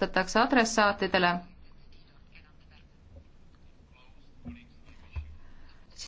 saadetakse adressaatidele